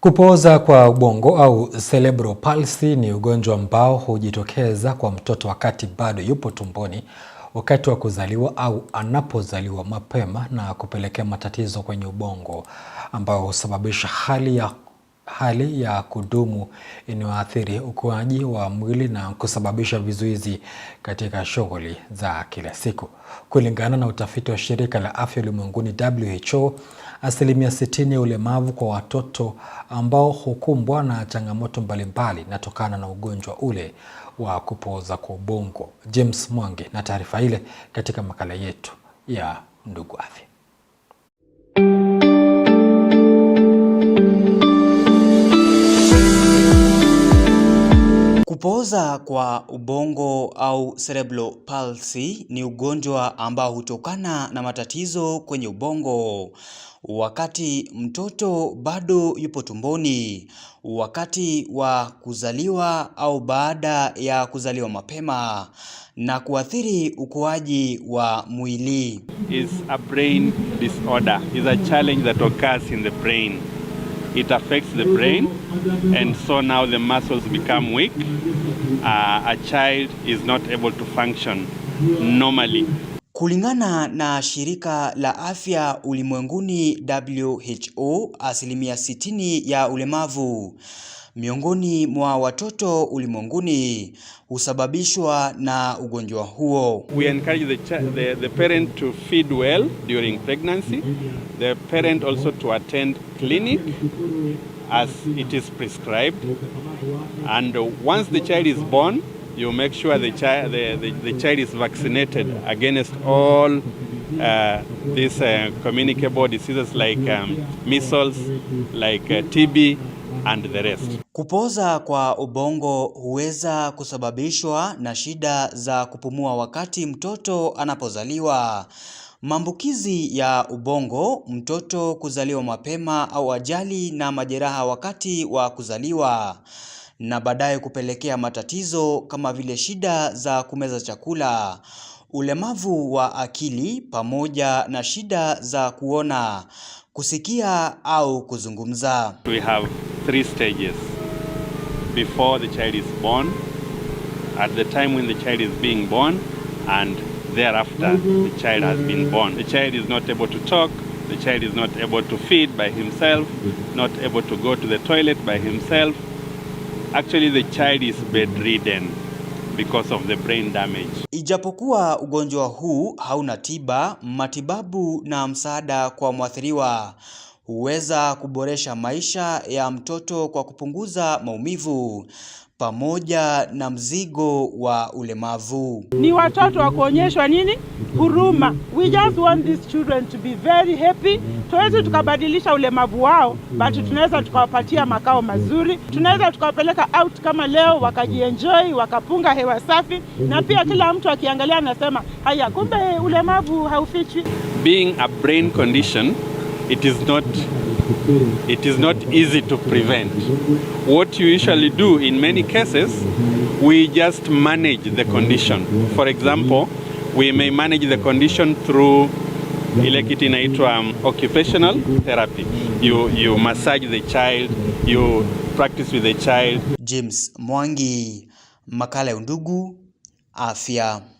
Kupooza kwa ubongo au cerebral palsy ni ugonjwa ambao hujitokeza kwa mtoto wakati bado yupo tumboni, wakati wa kuzaliwa au anapozaliwa mapema na kupelekea matatizo kwenye ubongo ambao husababisha hali ya hali ya kudumu inayoathiri ukuaji wa mwili na kusababisha vizuizi katika shughuli za kila siku. Kulingana na utafiti wa shirika la afya ulimwenguni WHO, asilimia 60 ya ulemavu kwa watoto ambao hukumbwa na changamoto mbalimbali inatokana na ugonjwa ule wa kupooza kwa ubongo. James Mwangi na taarifa ile katika makala yetu ya Ndugu Afya. Kuoza kwa ubongo au cerebral palsy ni ugonjwa ambao hutokana na matatizo kwenye ubongo wakati mtoto bado yupo tumboni, wakati wa kuzaliwa au baada ya kuzaliwa mapema na kuathiri ukuaji wa mwili. Is a brain disorder. Is a challenge that occurs in the brain it affects the brain and so now the muscles become weak uh, a child is not able to function normally Kulingana na shirika la afya ulimwenguni WHO, asilimia 60 ya ulemavu miongoni mwa watoto ulimwenguni husababishwa na ugonjwa huo. We encourage the, the, the parent to feed well during pregnancy. The parent also to attend clinic as it is prescribed. And once the child is born, you make sure the, chi the, the, the child is vaccinated against all uh, these uh, communicable diseases like um, measles, like uh, TB and the rest. Kupoza kwa ubongo huweza kusababishwa na shida za kupumua wakati mtoto anapozaliwa. Maambukizi ya ubongo, mtoto kuzaliwa mapema au ajali na majeraha wakati wa kuzaliwa na baadaye kupelekea matatizo kama vile shida za kumeza chakula, ulemavu wa akili pamoja na shida za kuona, kusikia au kuzungumza. We have three stages. Before the child is born, at the time when the child is being born and thereafter mm-hmm. the child has been born. The child is not able to talk, the child is not able to feed by himself, mm-hmm. not able to go to the toilet by himself. Actually the child is bedridden because of the brain damage. Ijapokuwa ugonjwa huu hauna tiba, matibabu na msaada kwa mwathiriwa huweza kuboresha maisha ya mtoto kwa kupunguza maumivu, pamoja na mzigo wa ulemavu. Ni watoto wa kuonyeshwa nini? Huruma. We just want these children to be very happy. Tuweze tukabadilisha ulemavu wao, but tunaweza tukawapatia makao mazuri, tunaweza tukawapeleka out kama leo, wakajienjoy, wakapunga hewa safi, na pia kila mtu akiangalia anasema haya, kumbe ulemavu haufichwi. Being a brain condition, it is not it is not easy to prevent. What you usually do in many cases, we just manage the condition. For example, we may manage the condition through ile kitu inaitwa um, occupational therapy. You, you massage the child, you practice with the child. James Mwangi, makala ya Undugu Afya.